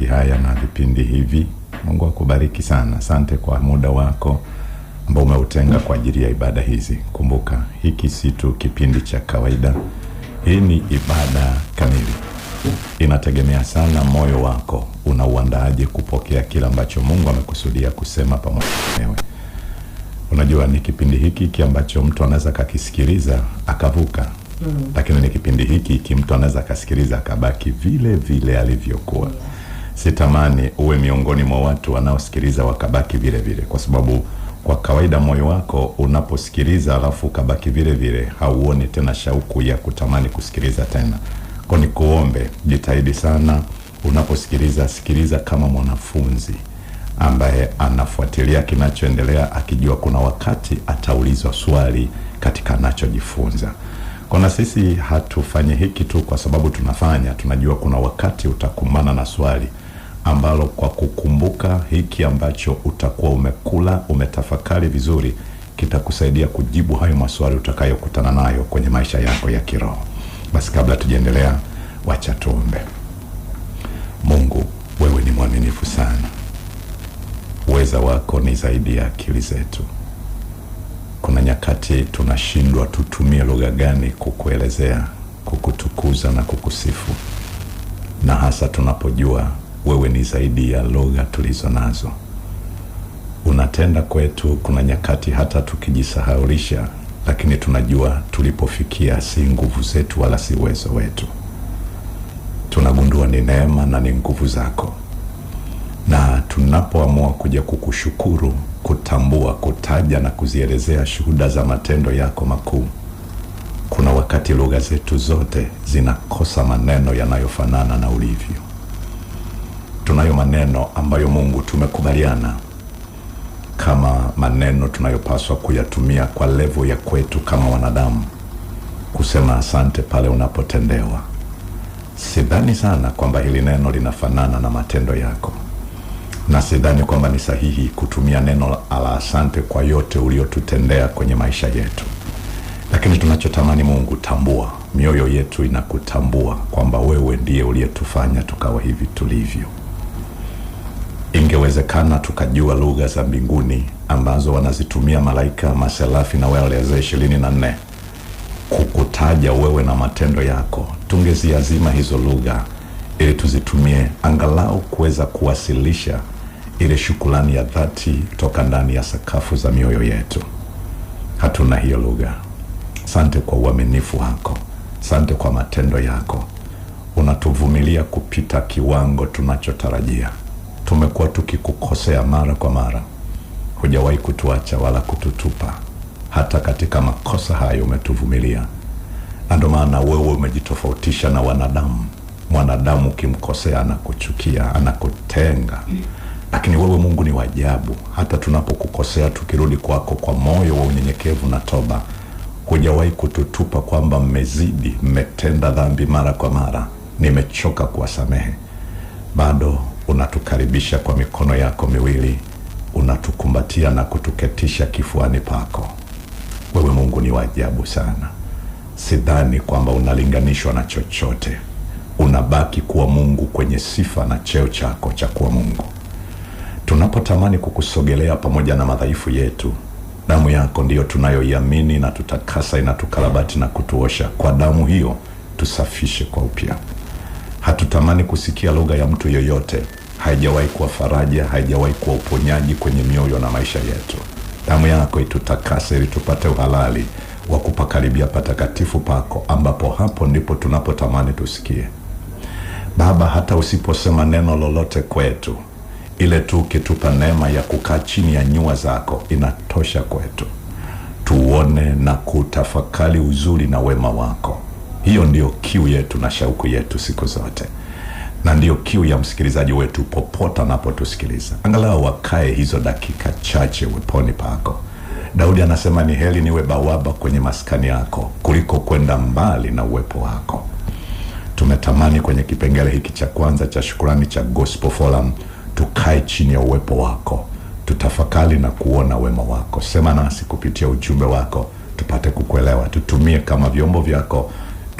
maombi haya na vipindi hivi. Mungu akubariki sana. Asante kwa muda wako ambao umeutenga kwa ajili ya ibada hizi. Kumbuka, hiki si tu kipindi cha kawaida. Hii ni ibada kamili, inategemea sana moyo wako unauandaaje kupokea kile ambacho Mungu amekusudia kusema pamoja nawe. Unajua, ni kipindi hiki hiki ambacho mtu anaweza kakisikiliza akavuka mm. Lakini ni kipindi hiki hiki mtu anaweza akasikiliza akabaki vile vile alivyokuwa. yeah sitamani uwe miongoni mwa watu wanaosikiliza wakabaki vile vile, kwa sababu kwa kawaida moyo wako unaposikiliza alafu ukabaki vile vile, hauoni tena shauku ya kutamani kusikiliza tena. Kwa kuombe jitahidi sana unaposikiliza, sikiliza kama mwanafunzi ambaye anafuatilia kinachoendelea, akijua kuna wakati ataulizwa swali katika anachojifunza. Kona sisi hatufanyi hiki tu kwa sababu tunafanya, tunajua kuna wakati utakumbana na swali ambalo kwa kukumbuka hiki ambacho utakuwa umekula, umetafakari vizuri, kitakusaidia kujibu hayo maswali utakayokutana nayo kwenye maisha yako ya kiroho. Basi kabla tujaendelea, wacha tuombe. Mungu, wewe ni mwaminifu sana, uweza wako ni zaidi ya akili zetu. Kuna nyakati tunashindwa tutumie lugha gani kukuelezea, kukutukuza na kukusifu, na hasa tunapojua wewe ni zaidi ya lugha tulizo nazo. Unatenda kwetu, kuna nyakati hata tukijisahaulisha, lakini tunajua tulipofikia si nguvu zetu wala si uwezo wetu, tunagundua ni neema na ni nguvu zako, na tunapoamua kuja kukushukuru, kutambua, kutaja na kuzielezea shuhuda za matendo yako makuu kuna wakati lugha zetu zote zinakosa maneno yanayofanana na ulivyo tunayo maneno ambayo Mungu tumekubaliana kama maneno tunayopaswa kuyatumia kwa levo ya kwetu kama wanadamu, kusema asante pale unapotendewa. Sidhani sana kwamba hili neno linafanana na matendo yako, na sidhani kwamba ni sahihi kutumia neno la asante kwa yote uliotutendea kwenye maisha yetu, lakini tunachotamani Mungu, tambua, mioyo yetu inakutambua kwamba wewe ndiye uliyetufanya tukawa hivi tulivyo ingewezekana tukajua lugha za mbinguni ambazo wanazitumia malaika maselafi na wazee ishirini na nne kukutaja wewe na matendo yako, tungeziazima hizo lugha ili tuzitumie angalau kuweza kuwasilisha ile shukulani ya dhati toka ndani ya sakafu za mioyo yetu. Hatuna hiyo lugha. Sante kwa uaminifu wako, sante kwa matendo yako, unatuvumilia kupita kiwango tunachotarajia tumekuwa tukikukosea mara kwa mara, hujawahi kutuacha wala kututupa. Hata katika makosa hayo umetuvumilia, na ndio maana wewe umejitofautisha na wanadamu. Mwanadamu ukimkosea anakuchukia, anakutenga, lakini wewe Mungu ni wajabu Hata tunapokukosea tukirudi kwako kwa moyo wa unyenyekevu na toba, hujawahi kututupa kwamba mmezidi, mmetenda dhambi mara kwa mara, nimechoka kuwasamehe. Bado unatukaribisha kwa mikono yako miwili, unatukumbatia na kutuketisha kifuani pako. Wewe Mungu ni wa ajabu sana, sidhani kwamba unalinganishwa na chochote. Unabaki kuwa Mungu kwenye sifa na cheo chako cha kuwa Mungu. Tunapotamani kukusogelea pamoja na madhaifu yetu, damu yako ndiyo tunayoiamini na tutakasa, inatukarabati na kutuosha. Kwa damu hiyo tusafishe kwa upya. Hatutamani kusikia lugha ya mtu yoyote haijawahi kuwa faraja, haijawahi kuwa uponyaji kwenye mioyo na maisha yetu. Damu yako itutakase ili tupate uhalali wa kupakaribia patakatifu pako, ambapo hapo ndipo tunapotamani tusikie. Baba, hata usiposema neno lolote kwetu, ile tu ukitupa neema ya kukaa chini ya nyua zako inatosha kwetu, tuone na kutafakari uzuri na wema wako. Hiyo ndiyo kiu yetu na shauku yetu siku zote na ndiyo kiu ya msikilizaji wetu popote anapotusikiliza, angalau wakae hizo dakika chache weponi pako. Daudi anasema ni heli niwe bawaba kwenye maskani yako kuliko kwenda mbali na uwepo wako. Tumetamani kwenye kipengele hiki cha kwanza cha shukurani cha Gospel Forum tukae chini ya uwepo wako, tutafakari na kuona wema wako. Sema nasi kupitia ujumbe wako, tupate kukuelewa, tutumie kama vyombo vyako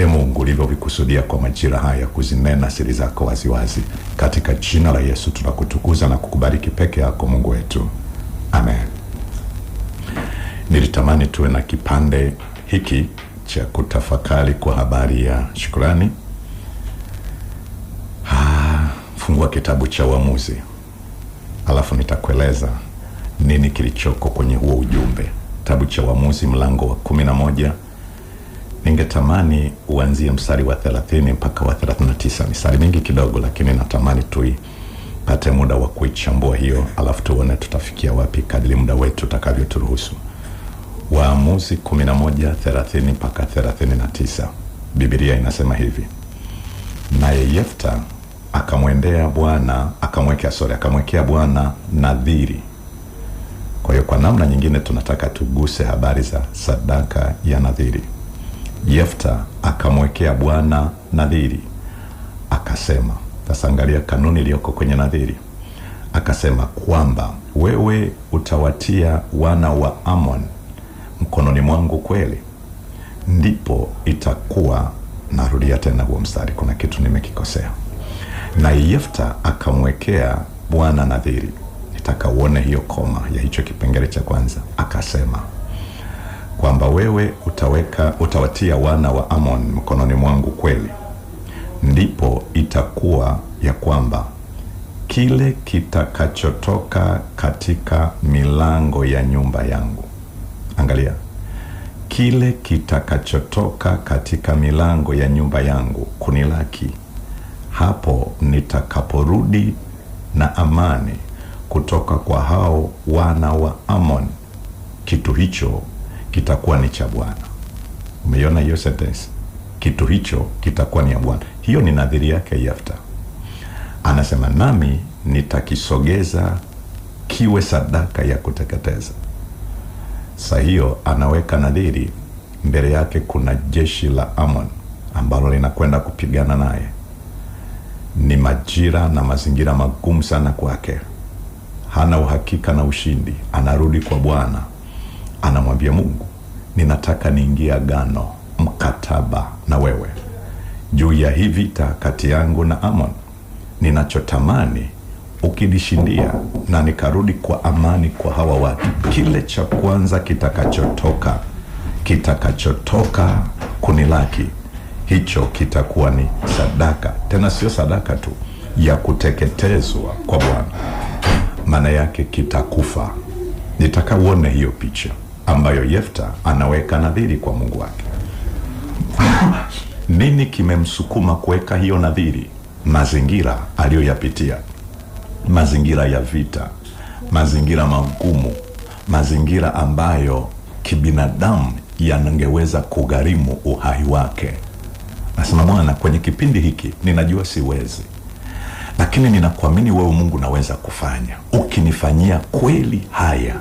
E Mungu ulivyovikusudia kwa majira haya kuzinena siri zako waziwazi, katika jina la Yesu tunakutukuza na kukubariki peke yako Mungu wetu, amen. Nilitamani tuwe na kipande hiki cha kutafakari kwa habari ya shukurani. Ah, fungua kitabu cha Uamuzi alafu nitakueleza nini kilichoko kwenye huo ujumbe. Kitabu cha Uamuzi mlango wa kumi na moja ningetamani uanzie mstari wa 30 mpaka wa 39, mistari mingi kidogo, lakini natamani tuipate muda wa kuichambua hiyo, alafu tuone tutafikia wapi kadri muda wetu utakavyoturuhusu. Waamuzi 11:30 mpaka 39, Biblia inasema hivi: naye Yefta akamwendea Bwana akamwekea sori akamwekea Bwana nadhiri. Kwa hiyo kwa namna nyingine tunataka tuguse habari za sadaka ya nadhiri. Yefta akamwekea Bwana nadhiri akasema, sasa angalia kanuni iliyoko kwenye nadhiri, akasema kwamba wewe utawatia wana wa Amon mkononi mwangu kweli, ndipo itakuwa narudia tena huo mstari, kuna kitu nimekikosea. Na Yefta akamwekea Bwana nadhiri, nitaka uone hiyo koma ya hicho kipengele cha kwanza, akasema kwamba wewe utaweka utawatia wana wa Amon mkononi mwangu kweli, ndipo itakuwa ya kwamba kile kitakachotoka katika milango ya nyumba yangu, angalia, kile kitakachotoka katika milango ya nyumba yangu kunilaki, hapo nitakaporudi na amani kutoka kwa hao wana wa Amon, kitu hicho kitakuwa ni cha Bwana. Umeiona hiyo sentence? Kitu hicho kitakuwa ni ya Bwana. Hiyo ni nadhiri yake Yefta. Anasema nami nitakisogeza kiwe sadaka ya kuteketeza. Sa hiyo anaweka nadhiri, mbele yake kuna jeshi la Amon ambalo linakwenda kupigana naye. Ni majira na mazingira magumu sana kwake, hana uhakika na ushindi, anarudi kwa Bwana anamwambia Mungu, ninataka niingie agano, mkataba na wewe juu ya hii vita kati yangu na Amon. Ninachotamani ukinishindia na nikarudi kwa amani kwa hawa watu, kile cha kwanza kitakachotoka kitakachotoka kunilaki hicho kitakuwa ni sadaka, tena sio sadaka tu ya kuteketezwa kwa Bwana, maana yake kitakufa. Nitaka uone hiyo picha ambayo Yefta anaweka nadhiri kwa Mungu wake. Nini kimemsukuma kuweka hiyo nadhiri? Mazingira aliyoyapitia, mazingira ya vita, mazingira magumu, mazingira ambayo kibinadamu yanangeweza kugharimu uhai wake. Nasema Bwana, kwenye kipindi hiki ninajua siwezi, lakini ninakuamini wewe Mungu, naweza kufanya ukinifanyia kweli haya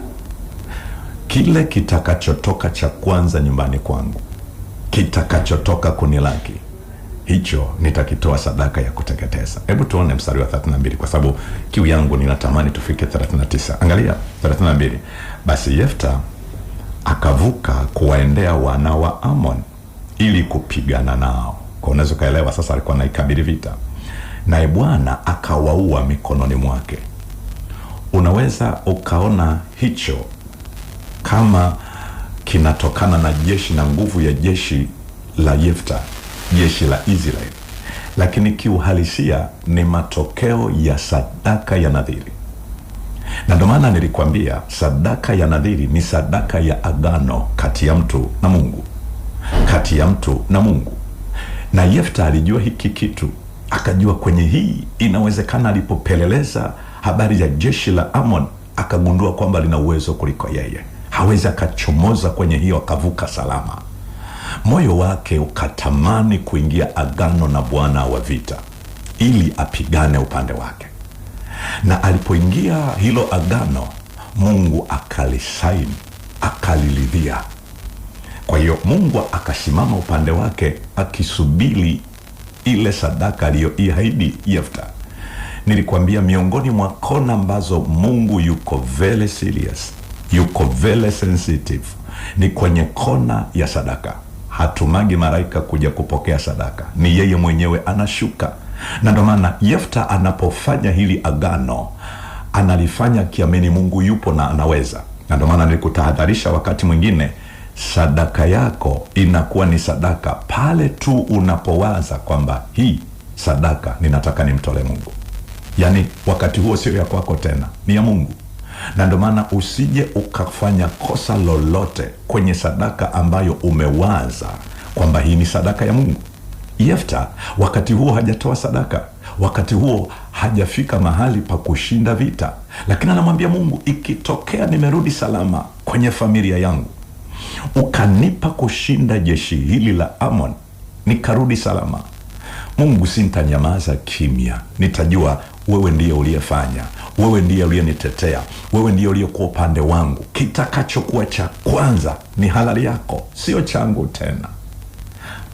kile kitakachotoka cha kwanza nyumbani kwangu kitakachotoka kunilaki hicho nitakitoa sadaka ya kuteketeza. Hebu tuone mstari wa 32, kwa sababu kiu yangu ninatamani tufike 39. Angalia 32, basi Yefta akavuka kuwaendea wana wa Amon ili kupigana nao. Kwa unaweza ukaelewa sasa alikuwa naikabili vita, naye Bwana akawaua mikononi mwake. Unaweza ukaona hicho kama kinatokana na jeshi na nguvu ya jeshi la Yefta, jeshi la israel lakini kiuhalisia ni matokeo ya sadaka ya nadhiri, na ndio maana nilikwambia sadaka ya nadhiri ni sadaka ya agano kati ya mtu na Mungu, kati ya mtu na Mungu. Na Yefta alijua hiki kitu, akajua kwenye hii inawezekana. Alipopeleleza habari ya jeshi la Amon akagundua kwamba lina uwezo kuliko yeye hawezi akachomoza kwenye hiyo akavuka salama. Moyo wake ukatamani kuingia agano na Bwana wa vita ili apigane upande wake, na alipoingia hilo agano, Mungu akalisaini akaliridhia. Kwa hiyo Mungu akasimama upande wake akisubiri ile sadaka aliyoiahidi Yefta. Nilikuambia miongoni mwa kona ambazo Mungu yuko very serious yuko vele sensitive, ni kwenye kona ya sadaka. Hatumagi malaika kuja kupokea sadaka, ni yeye mwenyewe anashuka. Na ndo maana Yefta anapofanya hili agano analifanya kiamini Mungu yupo na anaweza. Na ndo maana nilikutahadharisha wakati mwingine, sadaka yako inakuwa ni sadaka pale tu unapowaza kwamba hii sadaka ninataka nimtolee Mungu, yaani wakati huo sio ya kwako tena, ni ya Mungu na ndio maana usije ukafanya kosa lolote kwenye sadaka ambayo umewaza kwamba hii ni sadaka ya Mungu. Yefta wakati huo hajatoa sadaka, wakati huo hajafika mahali pa kushinda vita, lakini anamwambia Mungu, ikitokea nimerudi salama kwenye familia yangu ukanipa kushinda jeshi hili la Amon nikarudi salama Mungu, sintanyamaza kimya, nitajua wewe ndiye uliyefanya, wewe ndiye uliyenitetea, wewe ndiye uliyekuwa upande wangu. Kitakachokuwa cha kwanza ni halali yako, sio changu tena.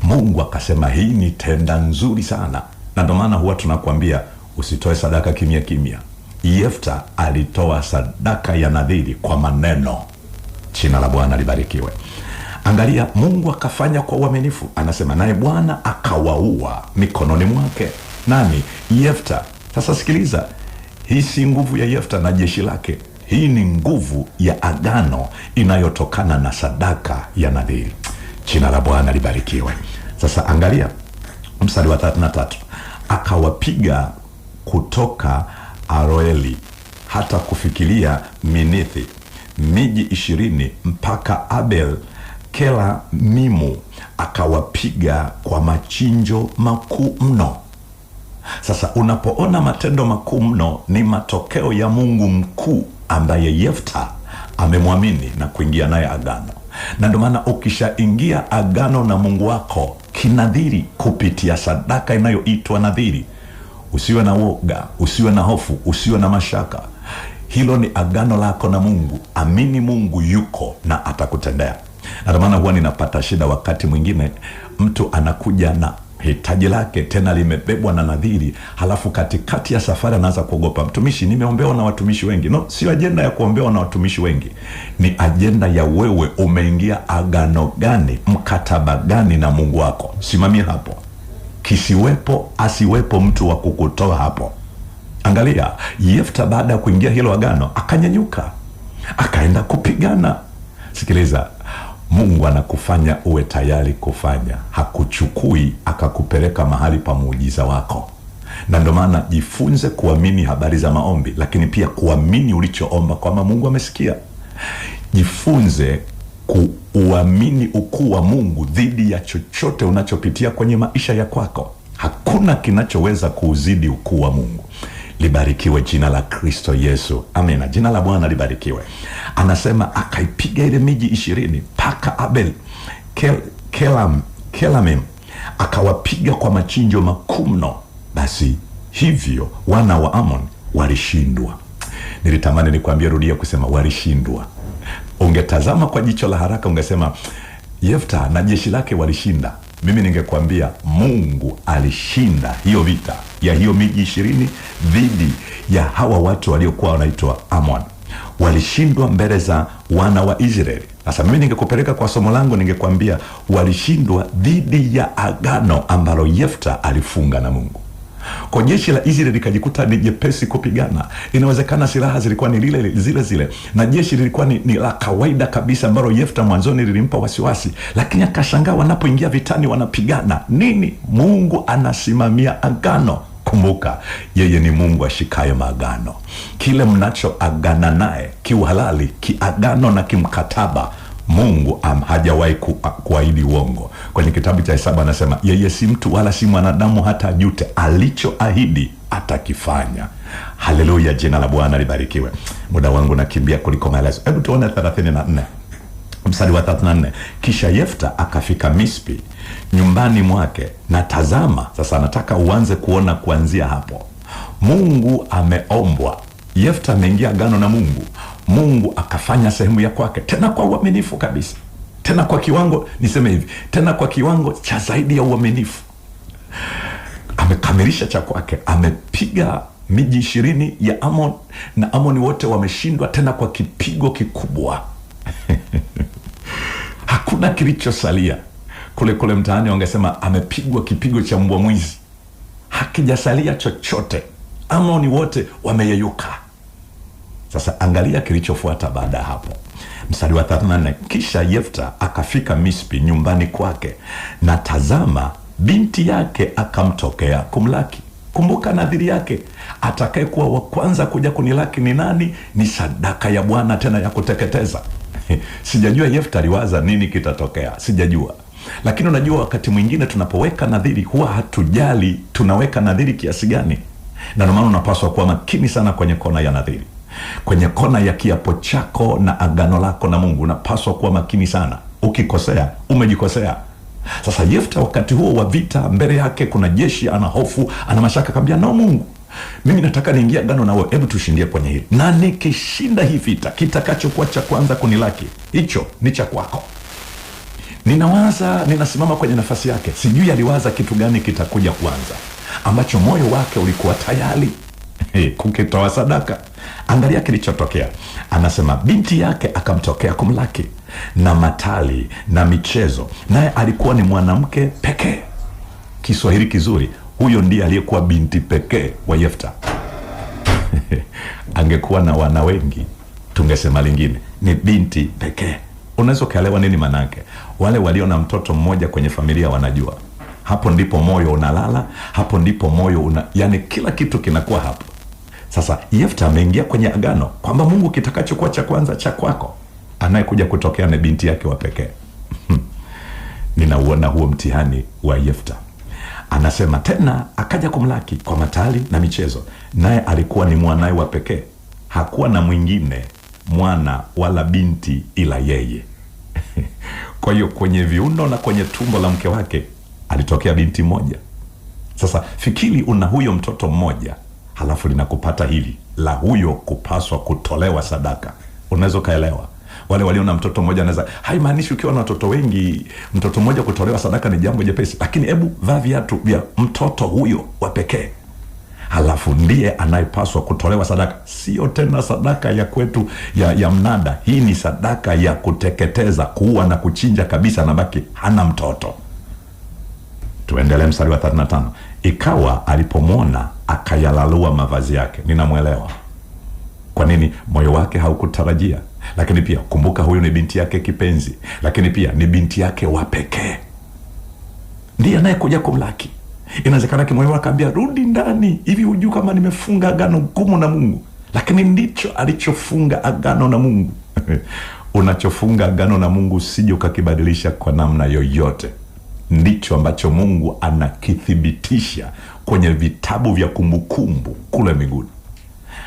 Mungu akasema hii ni tenda nzuri sana, na ndio maana huwa tunakuambia usitoe sadaka kimya kimya. Yefta alitoa sadaka ya nadhiri kwa maneno. Jina la Bwana libarikiwe. Angalia, Mungu akafanya kwa uaminifu, anasema naye Bwana akawaua mikononi mwake. Nani? Yefta. Sasa sikiliza, hii si nguvu ya Yefta na jeshi lake, hii ni nguvu ya agano inayotokana na sadaka ya nadhiri. Jina la Bwana libarikiwe. Sasa angalia mstari wa 33, akawapiga kutoka Aroeli hata kufikiria Minithi, miji ishirini mpaka Abel Kela Mimu akawapiga kwa machinjo makuu mno. Sasa unapoona matendo makuu mno, ni matokeo ya Mungu mkuu ambaye Yefta amemwamini na kuingia naye agano, na ndio maana ukishaingia agano na Mungu wako kinadhiri kupitia sadaka inayoitwa nadhiri, usiwe na woga, usiwe na hofu, usiwe na mashaka. Hilo ni agano lako na Mungu. Amini Mungu yuko na atakutendea na ndio maana huwa ninapata shida wakati mwingine mtu anakuja na hitaji lake tena limebebwa na nadhiri, halafu katikati ya safari anaanza kuogopa. Mtumishi, nimeombewa na watumishi wengi. No, sio ajenda ya kuombewa na watumishi wengi, ni ajenda ya wewe umeingia agano gani, mkataba gani na Mungu wako. Simamia hapo, kisiwepo asiwepo mtu wa kukutoa hapo. Angalia Yefta, baada ya kuingia hilo agano, akanyanyuka akaenda kupigana. Sikiliza, Mungu anakufanya uwe tayari kufanya, hakuchukui akakupeleka mahali pa muujiza wako. Na ndio maana jifunze kuamini habari za maombi, lakini pia kuamini ulichoomba kwamba Mungu amesikia. Jifunze kuuamini ukuu wa Mungu dhidi ya chochote unachopitia kwenye maisha ya kwako. Hakuna kinachoweza kuuzidi ukuu wa Mungu libarikiwe jina la Kristo Yesu, amina. Jina la Bwana libarikiwe. Anasema akaipiga ile miji ishirini mpaka Abel Kel, Kelam, Kelamim akawapiga kwa machinjo makuu mno. Basi hivyo wana wa Amon walishindwa. Nilitamani nikuambia, rudia kusema walishindwa. Ungetazama kwa jicho la haraka, ungesema Yefta na jeshi lake walishinda. Mimi ningekuambia Mungu alishinda hiyo vita ya hiyo miji ishirini dhidi ya hawa watu waliokuwa wanaitwa Amon. Walishindwa mbele za wana wa Israeli. Sasa mimi ningekupeleka kwa somo langu, ningekwambia walishindwa dhidi ya agano ambalo Yefta alifunga na Mungu. Kwa jeshi la Israeli likajikuta ni jepesi kupigana. Inawezekana silaha zilikuwa ni lile zile zile, na jeshi lilikuwa ni, ni la kawaida kabisa ambalo Yefta mwanzoni lilimpa wasiwasi, lakini akashangaa wanapoingia vitani wanapigana nini. Mungu anasimamia agano. Kumbuka, yeye ni Mungu ashikaye maagano. Kile mnachoagana naye kiuhalali, kiagano na kimkataba Mungu hajawahi ku, kuahidi uongo. Kwenye kitabu cha Hesabu anasema yeye si mtu wala si mwanadamu hata jute, alichoahidi atakifanya. Haleluya, jina la Bwana libarikiwe. Muda wangu nakimbia kuliko maelezo. Hebu tuone 34 mstari wa 34, kisha Yefta akafika Mispi nyumbani mwake, na tazama sasa, nataka uanze kuona kuanzia hapo. Mungu ameombwa Yefta ameingia agano na Mungu. Mungu akafanya sehemu ya kwake, tena kwa uaminifu kabisa, tena kwa kiwango, niseme hivi, tena kwa kiwango cha zaidi ya uaminifu. Amekamilisha cha kwake, amepiga miji ishirini ya Amon na Amoni wote wameshindwa, tena kwa kipigo kikubwa hakuna kilichosalia. Kule kule mtaani wangesema amepigwa kipigo cha mbwa mwizi, hakijasalia chochote. Amoni wote wameyeyuka. Sasa angalia kilichofuata baada ya hapo, mstari wa 34: kisha Yefta akafika Mispi nyumbani kwake, na tazama, binti yake akamtokea kumlaki. Kumbuka nadhiri yake, atakayekuwa wa kwanza kuja kunilaki ni nani? Ni sadaka ya Bwana, tena ya kuteketeza. Sijajua Yefta aliwaza nini kitatokea, sijajua lakini unajua, wakati mwingine tunapoweka nadhiri huwa hatujali tunaweka nadhiri kiasi gani, na ndio maana unapaswa kuwa makini sana kwenye kona ya nadhiri kwenye kona ya kiapo chako na agano lako na Mungu unapaswa kuwa makini sana. Ukikosea umejikosea. Sasa Yefta wakati huo wa vita, mbele yake kuna jeshi, ana hofu, ana mashaka, kambia nao Mungu, mimi nataka niingia agano na wewe, hebu tushindie kwenye hili, na nikishinda hii vita, kitakachokuwa cha kwanza kunilaki hicho ni cha kwako. Ninawaza, ninasimama kwenye nafasi yake, sijui aliwaza kitu gani kitakuja kwanza, ambacho moyo wake ulikuwa tayari Hey, kukitoa sadaka. Angalia kilichotokea, anasema binti yake akamtokea kumlaki na matali na michezo, naye alikuwa ni mwanamke pekee. Kiswahili kizuri, huyo ndiye aliyekuwa binti pekee wa Yefta. Angekuwa na wana wengi, tungesema lingine, ni binti pekee. Unaweza ukaelewa nini manake? Wale walio na mtoto mmoja kwenye familia wanajua hapo ndipo moyo unalala, hapo ndipo moyo una yani, kila kitu kinakuwa hapo. Sasa Yefta ameingia kwenye agano kwamba Mungu kitakachokuwa cha kwanza cha kwako, anayekuja kutokea na binti yake wa pekee ninauona huo mtihani wa Yefta. Anasema tena akaja kumlaki kwa matali na michezo, naye alikuwa ni mwanaye wa pekee, hakuwa na mwingine mwana wala binti ila yeye. Kwa hiyo kwenye viuno na kwenye tumbo la mke wake alitokea binti mmoja. Sasa fikiri una huyo mtoto mmoja, halafu linakupata hili la huyo kupaswa kutolewa sadaka. Unaweza ukaelewa wale walio na mtoto mmoja anaweza, haimaanishi ukiwa na watoto wengi mtoto mmoja kutolewa sadaka ni jambo jepesi, lakini hebu vaa viatu vya mtoto huyo wa pekee, halafu ndiye anayepaswa kutolewa sadaka. Sio tena sadaka ya kwetu ya, ya mnada. Hii ni sadaka ya kuteketeza, kuua na kuchinja kabisa, anabaki hana mtoto tuendelee mstari wa 35 ikawa alipomwona akayalalua mavazi yake ninamwelewa kwa nini moyo wake haukutarajia lakini pia kumbuka huyu ni binti yake kipenzi lakini pia ni binti yake wa pekee ndiye anayekuja kumlaki inawezekana kimoyo akaambia rudi ndani hivi hujuu kama nimefunga agano gumu na mungu lakini ndicho alichofunga agano na mungu unachofunga agano na mungu usije ukakibadilisha kwa namna yoyote ndicho ambacho Mungu anakithibitisha kwenye vitabu vya kumbukumbu kule miguni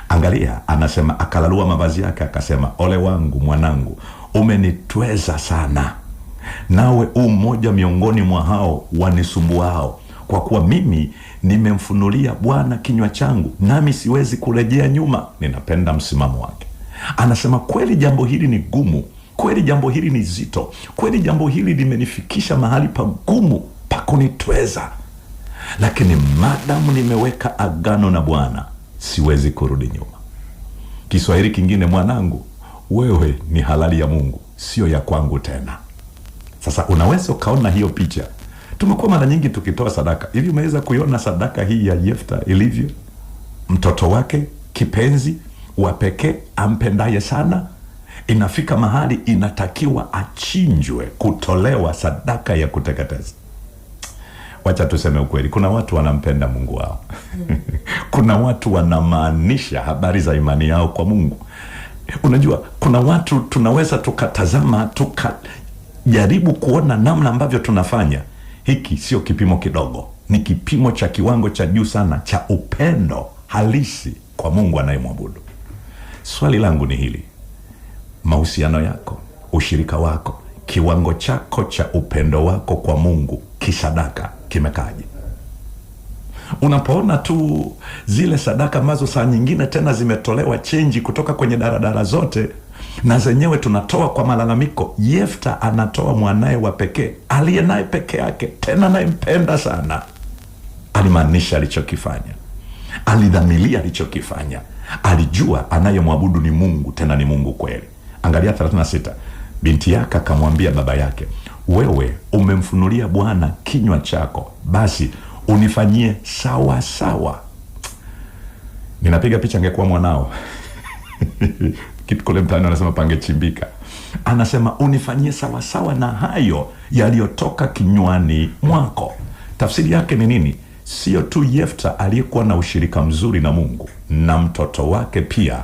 Angalia, anasema akalalua mavazi yake akasema, ole wangu mwanangu, umenitweza sana, nawe u mmoja miongoni mwa hao wanisumbuao, kwa kuwa mimi nimemfunulia Bwana kinywa changu, nami siwezi kurejea nyuma. Ninapenda msimamo wake. Anasema kweli jambo hili ni gumu Kweli jambo hili ni zito, kweli jambo hili limenifikisha mahali pagumu pa kunitweza, lakini madamu nimeweka agano na Bwana siwezi kurudi nyuma. Kiswahili kingine, mwanangu, wewe ni halali ya Mungu, sio ya kwangu tena. Sasa unaweza ukaona hiyo picha. Tumekuwa mara nyingi tukitoa sadaka hivi. Umeweza kuiona sadaka hii ya Yefta ilivyo? Mtoto wake kipenzi wa pekee ampendaye sana inafika mahali inatakiwa achinjwe kutolewa sadaka ya kuteketeza. Wacha tuseme ukweli, kuna watu wanampenda Mungu wao kuna watu wanamaanisha habari za imani yao kwa Mungu. Unajua, kuna watu tunaweza tukatazama tukajaribu kuona namna ambavyo tunafanya. Hiki sio kipimo kidogo, ni kipimo cha kiwango cha juu sana cha upendo halisi kwa Mungu anayemwabudu. Swali langu ni hili: mahusiano yako, ushirika wako, kiwango chako cha upendo wako kwa Mungu kisadaka kimekaje? Unapoona tu zile sadaka ambazo saa nyingine tena zimetolewa chenji kutoka kwenye daradara zote, na zenyewe tunatoa kwa malalamiko. Yefta anatoa mwanaye wa pekee aliye naye peke yake, tena anayempenda sana. Alimaanisha alichokifanya, alidhamilia alichokifanya, alijua anayemwabudu ni Mungu, tena ni Mungu kweli. Angalia 36. Binti yake akamwambia baba yake, wewe umemfunulia Bwana kinywa chako, basi unifanyie sawa sawa. Ninapiga picha, angekuwa mwanao kule mtaani anasema pangechimbika. Anasema unifanyie sawa sawa na hayo yaliyotoka kinywani mwako. Tafsiri yake ni nini? Sio tu Yefta aliyekuwa na ushirika mzuri na Mungu na mtoto wake pia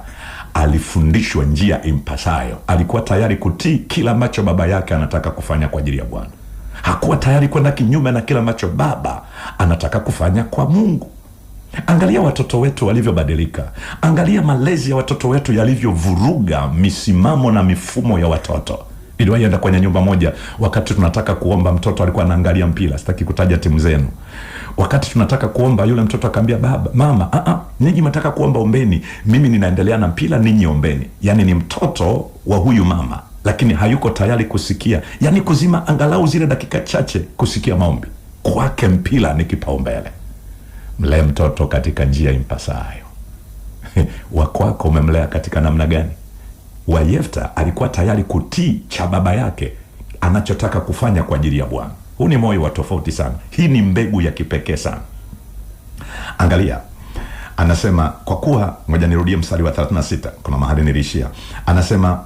alifundishwa njia impasayo. Alikuwa tayari kutii kila ambacho baba yake anataka kufanya kwa ajili ya Bwana. Hakuwa tayari kwenda kinyume na kila ambacho baba anataka kufanya kwa Mungu. Angalia watoto wetu walivyobadilika. Angalia malezi ya watoto wetu yalivyovuruga misimamo na mifumo ya watoto iliwaienda enda kwenye nyumba moja wakati tunataka kuomba, mtoto alikuwa anaangalia mpira, sitaki kutaja timu zenu. Wakati tunataka kuomba, yule mtoto akaambia baba, mama, a ah, a, ah, nyinyi mnataka kuomba, ombeni, mimi ninaendelea na mpira, ninyi ombeni. Yani ni mtoto wa huyu mama, lakini hayuko tayari kusikia, yani kuzima angalau zile dakika chache kusikia maombi. Kwake mpira ni kipaumbele. Mlee mtoto katika njia impasayo. Wakwako umemlea katika namna gani? wa Yefta alikuwa tayari kutii cha baba yake anachotaka kufanya kwa ajili ya Bwana. Huu ni moyo wa tofauti sana. Hii ni mbegu ya kipekee sana. Angalia, anasema kwa kuwa, ngoja nirudie mstari wa 36, kuna mahali niliishia. Anasema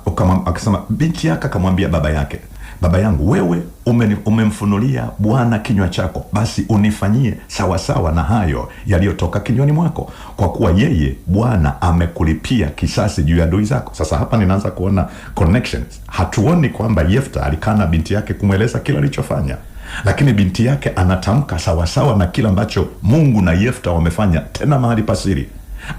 akasema, binti yake akamwambia baba yake, baba yangu wewe ume, umemfunulia Bwana kinywa chako, basi unifanyie sawasawa na hayo yaliyotoka kinywani mwako, kwa kuwa yeye Bwana amekulipia kisasi juu ya adui zako. Sasa hapa ninaanza kuona connections. Hatuoni kwamba Yefta alikaa na binti yake kumweleza kila alichofanya lakini binti yake anatamka sawasawa na kile ambacho Mungu na Yefta wamefanya, tena mahali pasiri.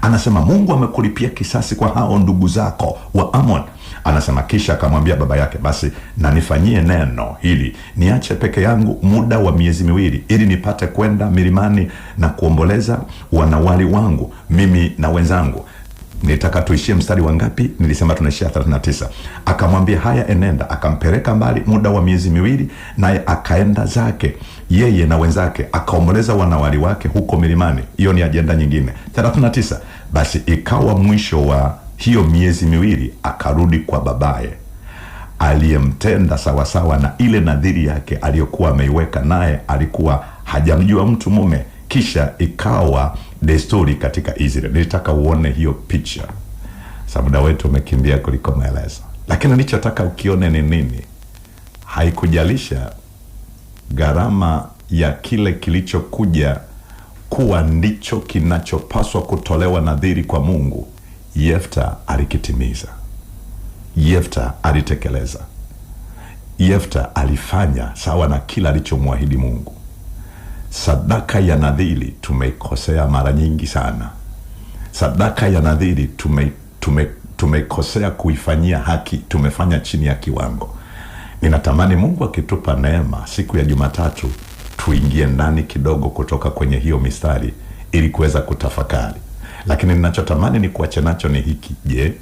Anasema Mungu amekulipia kisasi kwa hao ndugu zako wa Amon anasema kisha akamwambia baba yake, basi na nifanyie neno hili, niache peke yangu muda wa miezi miwili, ili nipate kwenda milimani na kuomboleza wanawali wangu, mimi na wenzangu. Nitaka tuishie mstari wa ngapi? Nilisema tunaishia 39. Akamwambia, haya, enenda. Akampeleka mbali muda wa miezi miwili, naye akaenda zake yeye na wenzake, akaomboleza wanawali wake huko milimani. Hiyo ni ajenda nyingine. 39. Basi ikawa mwisho wa hiyo miezi miwili akarudi kwa babaye aliyemtenda sawasawa na ile nadhiri yake aliyokuwa ameiweka, naye alikuwa hajamjua mtu mume. Kisha ikawa desturi katika Israeli. Nilitaka uone hiyo picha, sa muda wetu umekimbia kuliko maelezo, lakini nilichotaka ukione ni nini? Haikujalisha gharama ya kile kilichokuja kuwa ndicho kinachopaswa kutolewa nadhiri kwa Mungu. Yefta alikitimiza, Yefta alitekeleza, Yefta alifanya sawa na kila alichomwahidi Mungu. Sadaka ya nadhiri tumeikosea mara nyingi sana. Sadaka ya nadhiri tume, tume, tumekosea kuifanyia haki, tumefanya chini ya kiwango. Ninatamani Mungu akitupa neema siku ya Jumatatu tuingie ndani kidogo kutoka kwenye hiyo mistari ili kuweza kutafakari. Lakini ninachotamani ni kuacha nacho ni hiki. Je,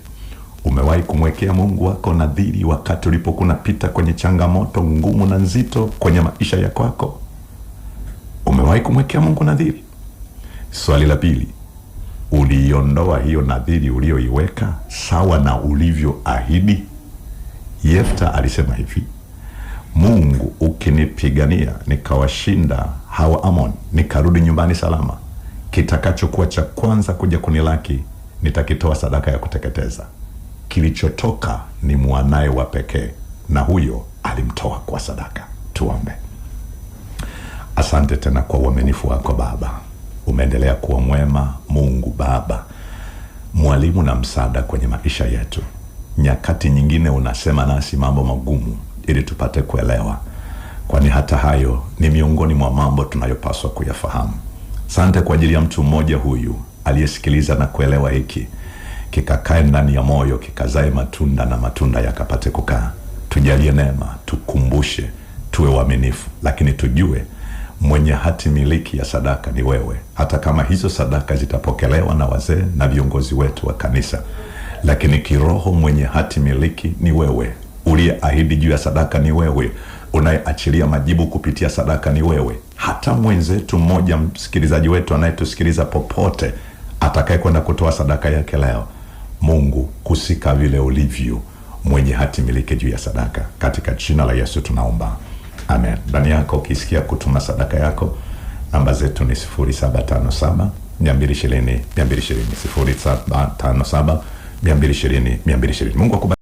umewahi kumwekea Mungu wako nadhiri wakati ulipokuna pita kwenye changamoto ngumu na nzito kwenye maisha ya kwako Umewahi kumwekea Mungu nadhiri? Swali la pili, uliiondoa hiyo nadhiri ulioiweka sawa na ulivyoahidi? Yefta alisema hivi, Mungu ukinipigania nikawashinda hawa amon nikarudi nyumbani salama kitakachokuwa cha kwanza kuja kunilaki nitakitoa sadaka ya kuteketeza. Kilichotoka ni mwanaye wa pekee, na huyo alimtoa kwa sadaka. Tuombe. Asante tena kwa uaminifu wako Baba, umeendelea kuwa mwema Mungu Baba, mwalimu na msaada kwenye maisha yetu. Nyakati nyingine unasema nasi mambo magumu ili tupate kuelewa, kwani hata hayo ni miongoni mwa mambo tunayopaswa kuyafahamu. Sante kwa ajili ya mtu mmoja huyu aliyesikiliza na kuelewa hiki kikakae ndani ya moyo kikazae matunda na matunda yakapate kukaa. Tujalie neema, tukumbushe, tuwe waaminifu, lakini tujue mwenye hati miliki ya sadaka ni wewe, hata kama hizo sadaka zitapokelewa na wazee na viongozi wetu wa kanisa, lakini kiroho mwenye hati miliki ni wewe, uliyeahidi juu ya sadaka ni wewe unayeachilia majibu kupitia sadaka ni wewe. Hata mwenzetu mmoja, msikilizaji wetu anayetusikiliza popote, atakaye kwenda kutoa sadaka yake leo, Mungu kusika vile ulivyo mwenye hati miliki juu ya sadaka, katika jina la Yesu tunaomba amen. Ndani yako ukisikia kutuma sadaka yako, namba zetu ni 0757 220 220 0757 220 220. Mungu akubali